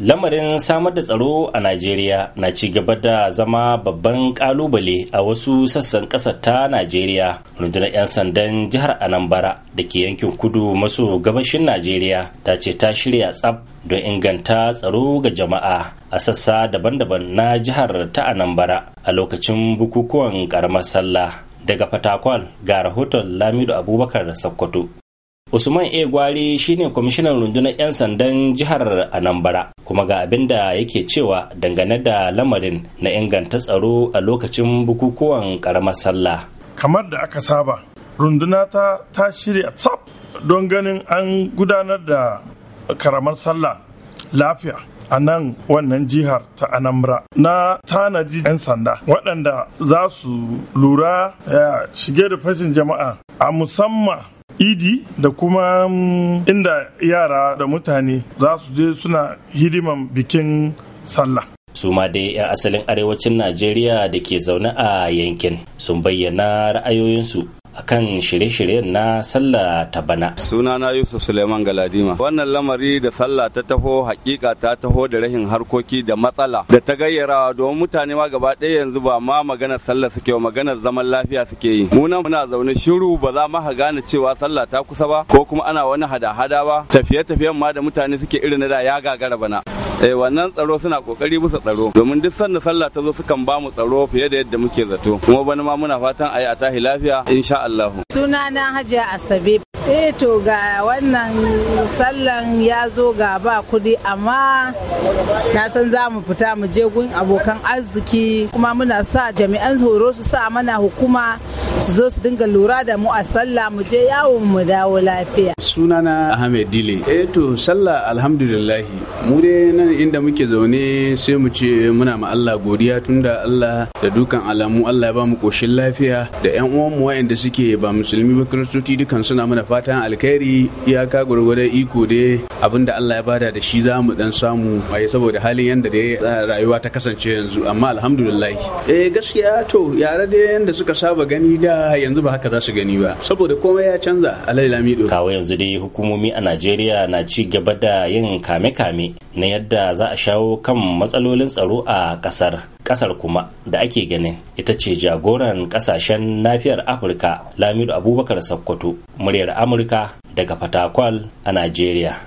lamarin samar da tsaro a najeriya na ci gaba da zama babban kalubale a wasu sassan ƙasar ta najeriya rundunar 'yan sandan jihar anambra da ke yankin kudu maso gabashin najeriya ta ce ta shirya tsab don inganta tsaro ga jama'a a sassa daban-daban na jihar ta anambra a lokacin bukukuwan ƙaramar sallah daga fatakwal ga rahoton Lamidu abubakar sakkwato Usman A. Gwari shine kwamishinan rundunar 'yan sandan jihar Anambra kuma ga abin da yake cewa dangane da lamarin na inganta tsaro a lokacin bukukuwan karamar sallah. Kamar da aka saba, runduna ta shirya tsaf don ganin an gudanar da karamar sallah lafiya a nan wannan jihar ta Anambra na tanaji 'yan sanda waɗanda za su lura eh, shige da fashin jama'a a musamman idi da kuma mm, inda yara da mutane za su je suna hidiman bikin sallah suma dai 'yan asalin arewacin najeriya da ke zaune a yankin sun bayyana ra'ayoyinsu Kan shirye-shiryen na sallah ta bana. Suna na Yusuf Suleiman Galadima. Wannan lamari da sallah ta taho hakika ta taho da rahin harkoki da matsala da ta gayyara domin mutane ma gaba ɗaya yanzu ba ma magana sallah suke ba maganar zaman lafiya suke yi. Mu muna zaune shiru ba za mu gane cewa sallah ta kusa ba ko kuma ana wani hada-hada ba tafiye-tafiyen ma da mutane suke irin da ya gagara bana. eh wannan tsaro suna kokari musu tsaro domin duk sanda sallah ta zo sukan ba mu tsaro fiye da yadda muke zato kuma bani ma muna fatan ayi a tahi lafiya insha Allah sunana Hajiya Asabe eh to ga wannan sallan ya zo ga ba kudi amma na san za mu fita mu je gun abokan arziki kuma muna sa jami'an horo su sa mana hukuma su zo su dinga lura da mu a sallah mu je yawon mu dawo lafiya sunana ahmed dile eh to sallah alhamdulillah mu dai nan inda muke zaune sai mu ce muna ma Allah godiya tunda Allah da dukan alamu Allah ya ba mu koshin lafiya da yan uwan mu wa'anda suke ba musulmi ba kiristoci dukan suna mana fatan alkhairi iyaka gurgurdan iko dai abinda Allah ya bada da shi za mu dan samu ai saboda halin yanda da rayuwa ta kasance yanzu amma alhamdulillah eh gaskiya to yare dai yanda suka saba gani da yanzu ba haka za su gani ba saboda komai ya canza alai lamido kawo yanzu dai hukumomi a najeriya na ci gaba da yin kame-kame na yadda za a shawo kan matsalolin tsaro a kasar kasar kuma da ake ganin ita ce jagoran kasashen nafiyar afirka lamido abubakar sakkwato muryar amurka daga fatakwal a najeriya